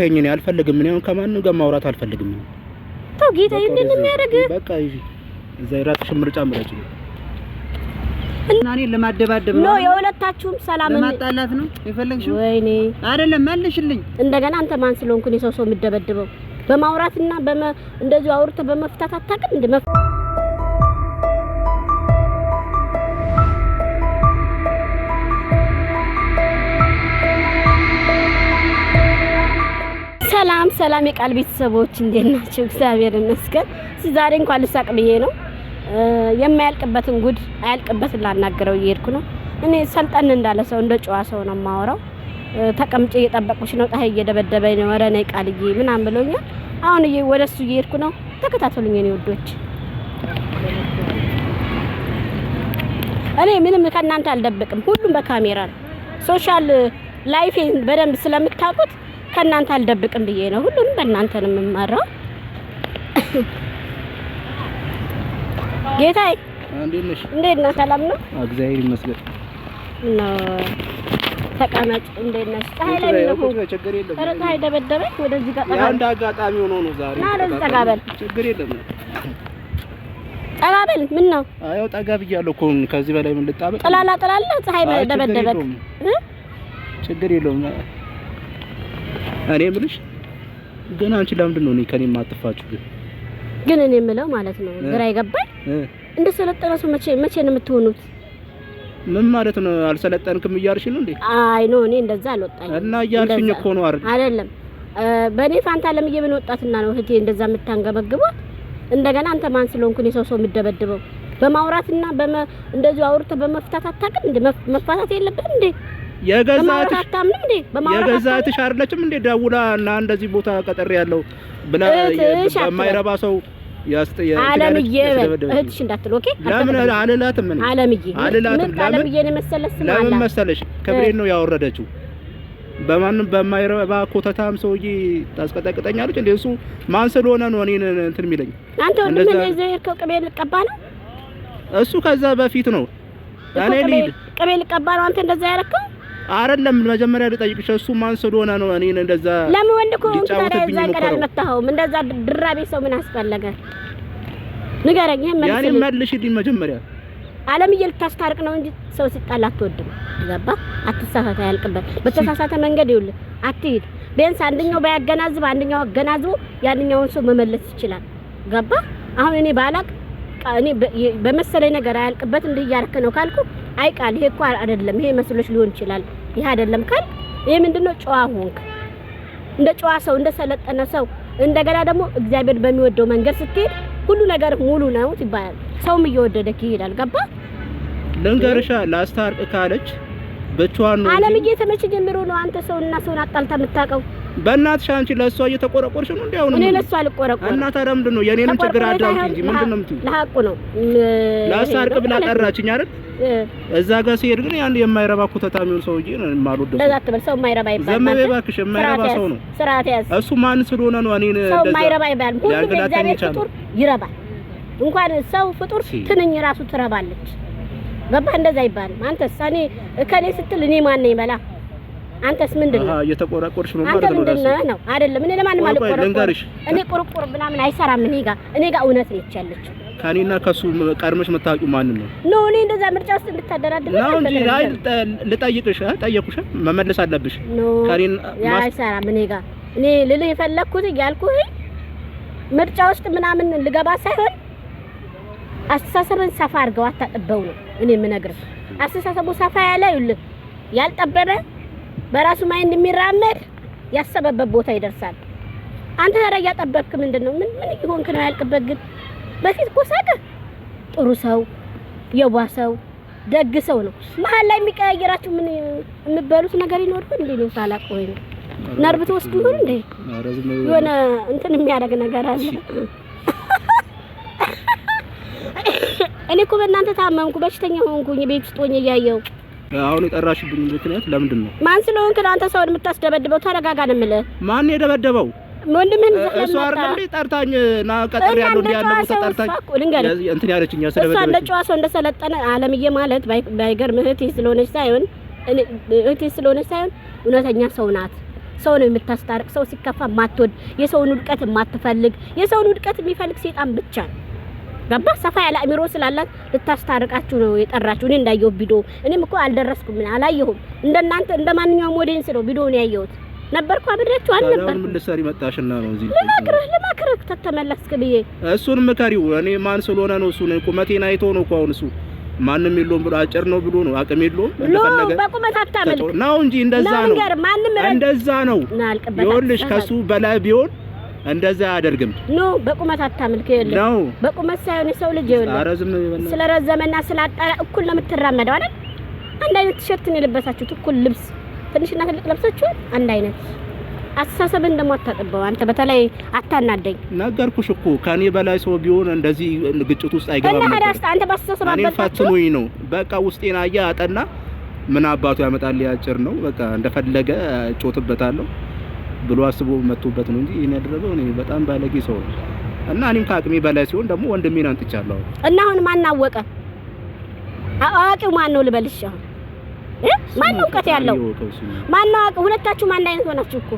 ተኝ ነው አልፈልግም። ነው ከማንም ጋር ማውራት አልፈልግም። ተው ጌታ ይንደን የሚያደርግ በቃ ይዚ እዛ የራስሽን ምርጫ ምረጭ። እና እኔ ለማደባደብ ነው የሁለታችሁም ሰላም ለማጣላት ነው የፈለግሽው? ወይኔ አይደለም መልሽልኝ። እንደገና አንተ ማን ስለሆንኩ ነው ሰው ሰው የምደበድበው? በማውራትና በመ እንደዚሁ አውርተህ በመፍታት አታውቅም እንደ መፍታት ሰላም የቃል ቤተሰቦች እንዴት ናቸው? እግዚአብሔር ይመስገን። እስኪ ዛሬ እንኳን ልሳቅ ብዬ ነው የማያልቅበትን ጉድ አያልቅበትን ላናገረው እየሄድኩ ነው። እኔ ሰልጠን እንዳለ ሰው እንደ ጨዋ ሰው ነው የማወራው። ተቀምጬ እየጠበቁሽ ነው፣ ፀሐይ እየደበደበኝ ነው፣ ኧረ ነይ ቃልዬ ምናምን ብሎኛል። አሁን ወደ እሱ እየሄድኩ ነው። ተከታተሉኝ ኔ ውዶች። እኔ ምንም ከእናንተ አልደብቅም፣ ሁሉም በካሜራ ነው። ሶሻል ላይፌን በደንብ ስለምታውቁት ከእናንተ አልደብቅም ብዬ ነው። ሁሉንም በእናንተ ነው የምመራው። ጌታዬ እንዴት ነህ? ሰላም ነው? እግዚአብሔር ይመስገን። ተቀመጥ። እንዴት ነህ? ፀሐይ ላይ ነው። ኧረ ፀሐይ ደበደበኝ። ወደዚህ ጋር ጠጋ በል። እንደ አጋጣሚ ሆኖ ነው ዛሬ። ና ወደዚህ ጠጋ በል። ችግር የለም። ጠጋ በል። ምን ነው? አይ ጠጋ ብያለሁ እኮ ከዚህ በላይ ምን ልጣበል? ጥላላ ጥላለህ። ፀሐይ ደበደበክ። ችግር የለውም። እኔ የምልሽ ገና አንቺ ለምንድን ነው እኔ ከኔ የማትፋችሁ? ግን ግን እኔ የምለው ማለት ነው ግራ ይገባል። እንደ ሰለጠነ ሰው መቼ መቼ ነው የምትሆኑት? ምን ማለት ነው? አልሰለጠንክም እያልሽኝ ነው እንዴ? አይ ኖ እኔ እንደዛ አልወጣኝ እና እያልሽኝ እኮ ነው አይደል? አይደለም በእኔ ፋንታ ለምዬ ምን ወጣትና ነው እህቴ እንደዛ የምታንገበግበው? እንደገና አንተ ማን ስለሆንኩ ነው ሰው ሰው የምደበድበው? በማውራትና በመ እንደዚሁ አውርተህ በመፍታት አታውቅም እንዴ? መፋታት የለብህም እንዴ? የገዛትሽ አይደለችም እንዴ ደውላ እና እንደዚህ ቦታ ቀጠር ያለው ብላ የማይረባ ሰው ለምን መሰለሽ ክብሬን ነው ያወረደችው። በማንም በማይረባ ኮተታም ሰውዬ ታስቀጠቅጠኛለች እንዴ? እሱ ማን ስለሆነ ነው እኔን እንትን የሚለኝ? አንተ ወንድም ነው እዛ ቅቤ ልቀባ ነው? እሱ ከዛ በፊት ነው እኔ ልሂድ ቅቤ ልቀባ ነው አንተ እንደዛ ያደረከው አይደለም መጀመሪያ ልጠይቅሽ፣ እሱ ማን ስለሆነ ነው? እኔ እንደዛ ለምን ወንድ እኮ ታዲያ እዛ ቀን አልመታኸውም? እንደዛ ድራቤ ሰው ምን አስፈለገ? ንገረኝ። ይሄን መልስ ያኔ መልሽልኝ። መጀመሪያ ዓለምዬ ልታስታርቅ ነው እንጂ ሰው ሲጣላ አትወድም። ገባ? አትሳሳተ አያልቅበት። በተሳሳተ መንገድ ይውል አትሂድ። ቢያንስ አንደኛው ባያገናዝብ አንደኛው አገናዝቦ ያንኛውን ሰው መመለስ ይችላል። ገባ? አሁን እኔ ባላቅ እኔ በመሰለኝ ነገር አያልቅበት እንዲህ እያደረክ ነው ካልኩ አይ ቃል ይሄ እኮ አይደለም ይሄ መስሎሽ ሊሆን ይችላል ይሄ አይደለም ካል ይሄ ምንድነው ጨዋ ሆንክ። እንደ ጨዋ ሰው እንደ ሰለጠነ ሰው እንደገና ደግሞ እግዚአብሔር በሚወደው መንገድ ስትሄድ ሁሉ ነገር ሙሉ ነው ይባላል። ሰውም እየወደደክ ይሄዳል። ገባ ልንገርሻ ላስታርቅ ካለች ብቻዋን ነው። አለምዬ ተመቼ ጀምሮ ነው አንተ ሰውና ሰውን አጣልታ የምታውቀው? በእናትሽ አንቺ ለእሷ እየተቆረቆርሽ ነው። እንዴ? አሁን እኔ ለእሷ አልቆረቆርም። እናት ታዲያ ምንድን ነው የእኔንም ችግር አዳምጪ እንጂ ምንድን ነው የምትይው? ለሀቁ ነው ለእሷ አርቅ ብላ ጠራችኝ አይደል? እዛ ጋር ሲሄድ ግን ያን የማይረባ ኩተታ የሚሆን ሰውዬ ነው የማልወደው። ለዛ አትበል፣ ሰው የማይረባ ይባላል። ዘመዴ እባክሽ፣ የማይረባ ሰው ነው። ስርዓት ያዝ። እሱ ማን ስለሆነ ነው እኔን ሰው የማይረባ ይባላል? ሁሉም የእግዚአብሔር ፍጡር ይረባል። እንኳን ሰው ፍጡር ትንኝ ራሱ ትረባለች። ገባህ? እንደዛ ይባል። አንተስ እኔ እከሌ ስትል እኔ ማን ነኝ በላ አንተስ ምንድን ነው? እየተቆራቆርሽ ነው ማለት ነው። ምንድን ነው? አይደለም እኔ ለማንም አልቆረቆርም። እኔ ቁርቁር ምናምን አይሰራም እኔ ጋር እኔ ጋር እውነት ነው ያለችው። ከእኔና ከሱ ቀድመሽ መታወቂው ማን ነው? ኖ እኔ እንደዛ ምርጫ ውስጥ እንድታደራድር ነው እንጂ አይ ልጠይቅሽ፣ ጠየቁሽ፣ መመለስ አለብሽ። ከእኔና አይሰራም እኔ ጋር እኔ ልልህ የፈለኩት ያልኩህ ምርጫ ውስጥ ምናምን ልገባ ሳይሆን አስተሳሰብን ሰፋ አድርገው አታጥበው ነው እኔ የምነግርህ። አስተሳሰቡ ሰፋ ያለ ይኸውልህ ያልጠበረ በራሱ ማይንድ የሚራመድ ያሰበበት ቦታ ይደርሳል። አንተ ታዲያ እያጠበብክ ምንድን ነው? ምን ምን እየሆንክ ነው? ያልቅበት ግን በፊት እኮ ሳቀ። ጥሩ ሰው፣ የዋ ሰው፣ ደግ ሰው ነው። መሀል ላይ የሚቀያየራችሁ ምን የምበሉት ነገር ይኖር እንዴ? ነው ሳላቅ ወይ ነው ነርቭ ተወስዱ ይሆን እንዴ? የሆነ እንትን የሚያደርግ ነገር አለ። እኔ እኮ በእናንተ ታመምኩ፣ በሽተኛ ሆንኩኝ። ቤት ውስጥ ሆኜ እያየሁ አሁን የጠራሽብኝ ምክንያት ለምንድን ነው? ማን ስለሆንክ አንተ ሰውን የምታስደበድበው? ተረጋጋ ነው የምልህ። ማን የደበደበው? ወንድምህን እሱ አይደል እንዴ? ጠርታኝ ና ቀጠር ያለው እንዴ ያለው ተጠርታኝ እንትን ያለችኛ ስለበደበች እሷ እንደ ጨዋ ሰው እንደሰለጠነ አለምዬ ማለት ባይገርምህ እህቴ ስለሆነች ሳይሆን እህቴ ስለሆነች ሳይሆን እውነተኛ ሰው ናት። ሰው ነው የምታስታርቅ፣ ሰው ሲከፋ ማትወድ፣ የሰውን ውድቀት ማትፈልግ፣ የሰውን ውድቀት የሚፈልግ ሴጣን ብቻ ነው። ገባ ሰፋ ያለ አእምሮ ስላላት ልታስታርቃችሁ ነው የጠራችሁ። እኔ እንዳየሁት ቪዲዮ እኔም እኮ አልደረስኩም፣ አላየሁም። እንደናንተ እንደማንኛውም ወዴንስ ነው ቪዲዮውን ያየሁት ነበርኩ አብሬያችሁ አልነበርኩም። ምን ልትሰሪ መጣሽና ነው እዚህ ልመክርህ ልመክርህ ተተመለስክ ብዬ እሱን ምከሪው። እኔ ማን ስለሆነ ነው እሱ ነው ቁመቴን አይቶ ነው እኮ አሁን እሱ ማንም የለውም ብሎ አጭር ነው ብሎ ነው አቅም የለውም እንደፈለገ በቁመት አታመልክ ነው እንጂ እንደዛ ነው። እንደዛ ነው ይኸውልሽ ከሱ በላይ ቢሆን እንደዛ አያደርግም። ኖ በቁመት አታምልክ። ይኸውልህ ነው በቁመት ሳይሆን የሰው ልጅ ይኸውልህ ስለረዘመና ስላጠረ እኩል ነው የምትራመደው አይደል? አንድ አይነት ቲሸርት ነው የለበሳችሁት፣ እኩል ልብስ ትንሽና ትልቅ ለብሳችኋል፣ አንድ አይነት አስተሳሰብን ደግሞ አታጥበው። አንተ በተለይ አታናደኝ። ነገርኩሽ እኮ ከኔ በላይ ሰው ቢሆን እንደዚህ ግጭት ውስጥ አይገባም ነበር። እና አንተ ባስተሳሰብ አባል ፈትኖኝ ነው በቃ ውስጤን አያ አጠና ምን አባቱ ያመጣል። ያጭር ነው በቃ እንደፈለገ ጮትበታለሁ። ብሎ አስቦ መጥቶበት ነው እንጂ ይሄን ያደረገው እኔ በጣም ባለጌ ሰው ነው እና እኔም ከአቅሜ በላይ ሲሆን ደግሞ ወንድሜን አንጥቻለሁ። እና አሁን ማን አወቀ? አዋቂው ማን ነው ልበልሽ? አሁን ማን ነው እውቀት ያለው ማን ነው? ሁለታችሁ አንድ አይነት ሆናችሁ እኮ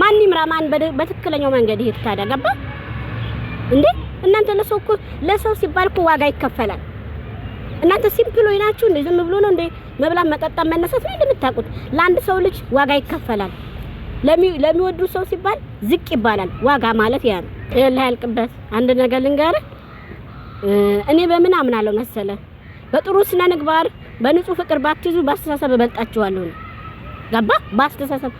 ማን ይምራ? ማን በትክክለኛው መንገድ ይሄድ? ታዲያ ገባ እንዴ? እናንተ ለሰው እኮ ለሰው ሲባል እኮ ዋጋ ይከፈላል። እናንተ ሲምፕል ወይ ናችሁ? እንደ ዝም ብሎ ነው እንዴ መብላት፣ መጠጣት፣ መነሳት ነው እንደምታውቁት። ለአንድ ሰው ልጅ ዋጋ ይከፈላል። ለሚወዱ ሰው ሲባል ዝቅ ይባላል። ዋጋ ማለት ያ ነው። ይኸውልህ ያልቅበት አንድ ነገር ልንገርህ። እኔ በምን አምናለሁ መሰለ? በጥሩ ስነ ምግባር፣ በንጹህ ፍቅር ባትይዙ በአስተሳሰብ እበልጣችኋለሁ ነው። ገባ? በአስተሳሰብ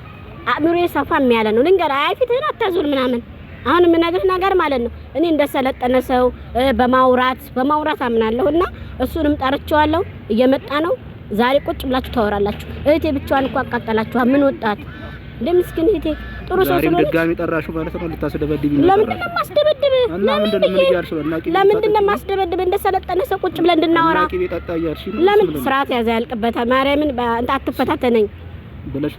አእምሮዬ ሰፋ የሚያለ ነው። ልንገርህ፣ አይ ፊትህን አታዙር ምናምን። አሁን የምነግርህ ነገር ማለት ነው እኔ እንደሰለጠነ ሰው በማውራት በማውራት አምናለሁ እና እሱንም ጠርቼዋለሁ። እየመጣ ነው ዛሬ ቁጭ ብላችሁ ታወራላችሁ። እህቴ ብቻዋን እኮ አቃጠላችኋ ምን ወጣት እንደ ምስኪን እህቴ ጥሩ ሰው ስለሆነ ድጋሚ ጠራሽው ማለት ነው። ልታስደበድብ ነው? ለምንድን ነው የማስደበድብ? ለምንድን ነው የማስደበድብ? እንደ ሰለጠነ ሰው ቁጭ ብለን እንድናወራ ለምን ስርዓት ያዘ ያልቅበታ ማርያምን አትፈታተነኝ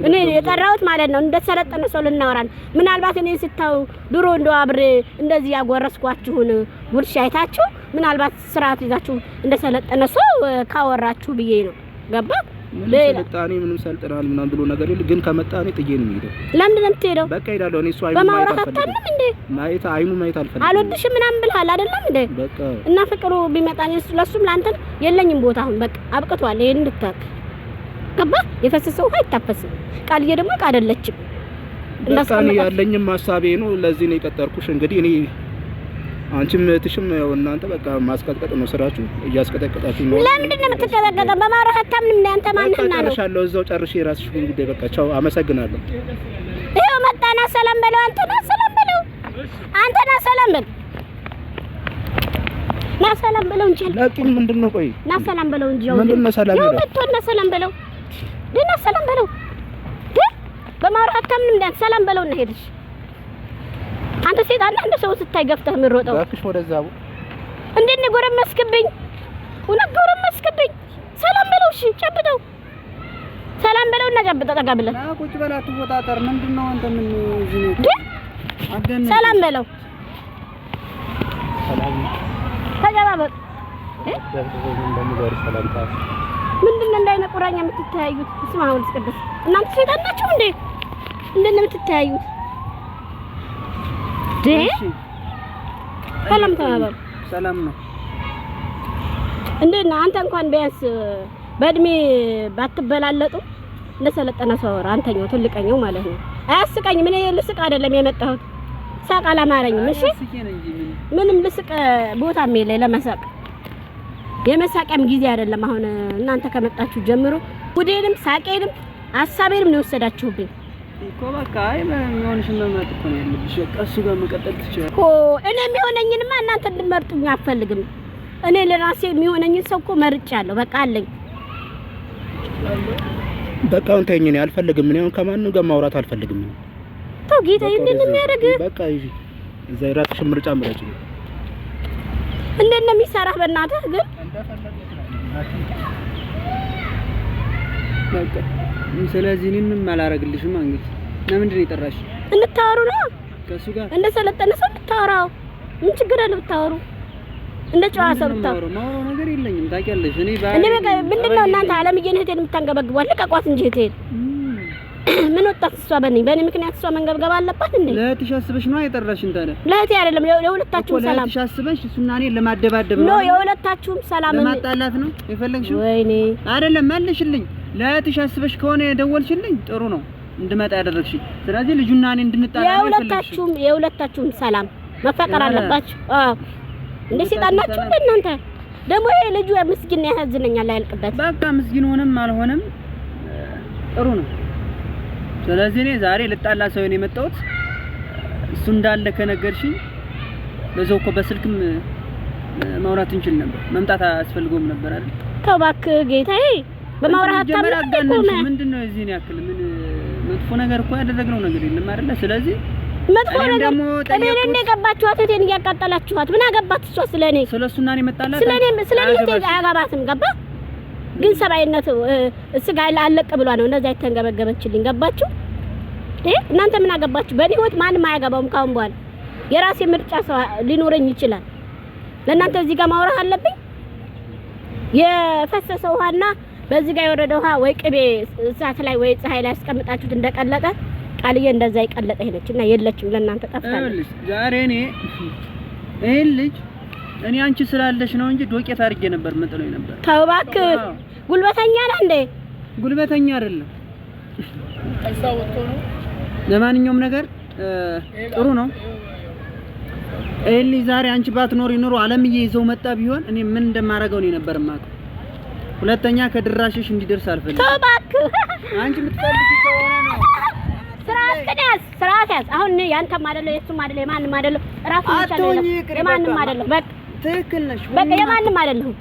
እኔ የጠራሁት ማለት ነው እንደ ሰለጠነ ሰው ልናወራ ነው። ምናልባት እኔ ስታው ድሮ እንደው አብሬ እንደዚህ ያጎረስኳችሁን ጉድ ሻይታችሁ ምናልባት ስርዓት ይዛችሁ እንደ ሰለጠነ ሰው ካወራችሁ ብዬ ነው ገባ ስልጣኔ ምንም ሰልጥናል ምናምን ብሎ ነገር የለም። ግን ከመጣ እኔ ጥዬ ነው የምሄደው። ለምንድን ነው የምትሄደው? በቃ እሄዳለሁ። እኔ እሱ አይኑ ማየት አልፈልግም። ማየት አይኑ ማየት አልፈልግም። አልወድሽም ምናምን ብለሃል አይደለም እንዴ? በቃ እና ፍቅሩ ቢመጣ እሱ ለእሱም ለአንተም የለኝም ቦታ። አሁን በቃ አብቅቷል። ይሄን እንድታውቅ ገባህ? የፈሰሰ ውሃ አይታፈስም። ቃልዬ ደግሞ እቃ አይደለችም። በቃ እኔ ያለኝም ሀሳቤ ነው። ለዚህ ነው የቀጠርኩሽ እንግዲህ እኔ አንቺም እህትሽም ያው እናንተ በቃ ማስቀጥቀጥ ነው ስራችሁ፣ እያስቀጠቀጣችሁ ነው። ለምንድን ነው የምትቀጠቀጠው? በማውራት አታምንም። ነው አንተ ነው ጨርሻለሁ። እዛው ጨርሼ የራስሽ ጉዳይ በቃ ቻው፣ አመሰግናለሁ። ይኸው መጣና ሰላም በለው አንተ ና ሰላም በለው አንተ ና ሰላም በለው ና ሰላም በለው እንጂ ምንድን ነው? ቆይ ና ሰላም በለው እንጂ ያው ምንድን ነው ሰላም ና ሰላም በለው ሰላም በለው በማውራት አታምንም። ሰላም በለው እና ሄድሽ አንተ ሴት አለ አንተ ሰው ስታይ ገፍተህ የምሮጠው እባክሽ፣ ወደዛው እንዴት ነው ጎረመስክብኝ? እውነት ጎረመስክብኝ። ሰላም በለው እሺ፣ ጨብጠው ሰላም በለው እና ጨብጠው፣ ጠጋ ብለህ ና ቁጭ በል። አትወጣጠር። ምንድን ነው አንተ? ምን እዚህ ነው? ሰላም በለው። ሰላም ተጨባበጥ። ምንድን ነው እንዳይነ ቁራኛ የምትተያዩት? ስማ ወልስ ቅዱስ እናንተ ሴት አላችሁ እንዴ? እንደነ ነው የምትተያዩት? ሰላም ተባባሉ። ሰላም ነው። እንዴት ነህ አንተ? እንኳን ቢያንስ በእድሜ ባትበላለጡ እንደሰለጠነ ሰው አንተኛው ትልቀኛው ማለት ነው። አያስቀኝም። ልስቅ አይደለም የመጣሁት ሳቅ አላማረኝም። እሺ ምንም ልስቅ ቦታም ለመሳቅ የመሳቂያም ጊዜ አይደለም አሁን። እናንተ ከመጣችሁ ጀምሮ ጉዴንም ሳቄንም ሀሳቤንም ነው የወሰዳችሁብኝ። እኮ በቃ አይ ምንም መምረጥ እኮ ነው ያለብሽ። በቃ እሱ ጋር መቀጠል ትችላለሽ እኮ። እኔ የሚሆነኝንማ እናንተ እንድመርጡኝ አልፈልግም። እኔ ለራሴ የሚሆነኝን ሰው እኮ መርጫለሁ። በቃ አለኝ። በቃ አሁን ተይኝ። እኔ አልፈልግም። እኔ አሁን ከማንም ጋር ማውራት አልፈልግም። ተው ጌታ እንዴት ነው የሚያደርግ? በቃ ይዤ እዛ የራስሽን ምርጫ ምረጭ። እንዴት ነው የሚሰራህ? በእናትህ ግን ስለዚህ እኔንም አላረግልሽም። እንግዲህ ለምንድን ነው የጠራሽ? እንታወሩ ነው ከሱ ጋር እንደ ሰለጠነ ሰው እንታወራው። ምን ችግር አለ ብታወሩ? እንደ ጨዋ ሰው ብታወሩ። ማውራው ነገር የለኝም ታውቂያለሽ። እኔ ባይ እኔ በቃ ምንድን ነው እናንተ አለምዬን እህቴን የምታንገበግቧት ልቀቋት እንጂ እህቴን ምን ወጣት እሷ በእኔ በእኔ ምክንያት እሷ መንገብገብ አለባት እንዴ? ለእህትሽ አስበሽ ነው የጠራሽን? ታዲያ ለእህቴ አይደለም ለሁለታችሁም ሰላም ለእህትሽ አስበሽ እሱና እኔ ለማደባደብ ነው። የሁለታችሁም ሰላም ለማጣላት ነው የፈለግሽው? ወይኔ አይደለም መልሽልኝ ለእህትሽ አስበሽ ከሆነ የደወልሽልኝ ጥሩ ነው እንድመጣ ያደረግሽኝ። ስለዚህ ልጁና እኔ እንድንጣላ የሁለታችሁም የሁለታችሁም ሰላም መፈቀር አለባችሁ። አዎ እንደ ሲጣላችሁ እናንተ ደግሞ ይሄ ልጁ ምስኪን ያሳዝነኛል። አያልቅበት በቃ ምስኪን ሆነም አልሆነም ጥሩ ነው። ስለዚህ እኔ ዛሬ ልጣላ ሳይሆን የመጣሁት እሱ እንዳለ ከነገርሽኝ፣ በዛው እኮ በስልክም ማውራት እንችል ነበር። መምጣት አያስፈልገውም ነበር አይደል? ተው እባክህ ጌታዬ። በማውራት ታምራቀቁ ነው። ምንድነው ያክል ምን መጥፎ ነገር እኮ ያደረግነው ነገር የለም አይደለ? ስለዚህ መጥፎ ነገር እኔን እንደ ገባችኋት እቴን እያቃጠላችኋት ምን አገባት እሷ ስለኔ ስለሱና እኔ መጣላት ስለኔ ስለኔ እቴን አያገባትም። ገባ ግን ሰብአዊነት ስጋ አለቅ ብሏ ነው እንደዛ የተንገበገበችልኝ። ገባችሁ? ይሄ እናንተ ምን አገባችሁ? በእኔ ህይወት ማንም አያገባውም ካሁን በኋላ የራሴ ምርጫ ሰው ሊኖረኝ ይችላል። ለእናንተ እዚህ ጋር ማውራት አለብኝ የፈሰሰ ውሃና በዚህ ጋር የወረደ ውሃ ወይ ቅቤ እሳት ላይ ወይ ፀሐይ ላይ አስቀምጣችሁት እንደቀለጠ ቃልዬ እንደዛ ይቀለጠ ሄደች እና የለችም። ለእናንተ ጠፍታለች። ዛሬ እኔ ይሄን ልጅ እኔ አንቺ ስላለሽ ነው እንጂ ዶቄት አድርጌ ነበር መጥሎኝ ነበር። ተው እባክህ፣ ጉልበተኛ ነህ እንዴ? ጉልበተኛ አይደለም። ለማንኛውም ነገር ጥሩ ነው። ይሄን ልጅ ዛሬ አንቺ ባትኖሪ ኖሮ አለምዬ ይዘው መጣ ቢሆን እኔ ምን እንደማደርገው ነው ነበር የማውቀው ሁለተኛ ከድራሽሽ እንዲደርስ አልፈልግም። ተው እባክህ። አንቺ የምትፈልጊ ከሆነ ነው። ስርዓት ያዝ፣ ስርዓት ያዝ። አሁን ያንተም አይደለም የሱም አይደለም የማንም አይደለም። ራሱ ብቻ ነው። የማንም አይደለም። በቃ ትክክል ነሽ። በቃ የማንም አይደለም።